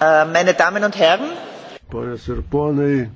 Äh, meine Damen und Herren. Ponas ir ponai,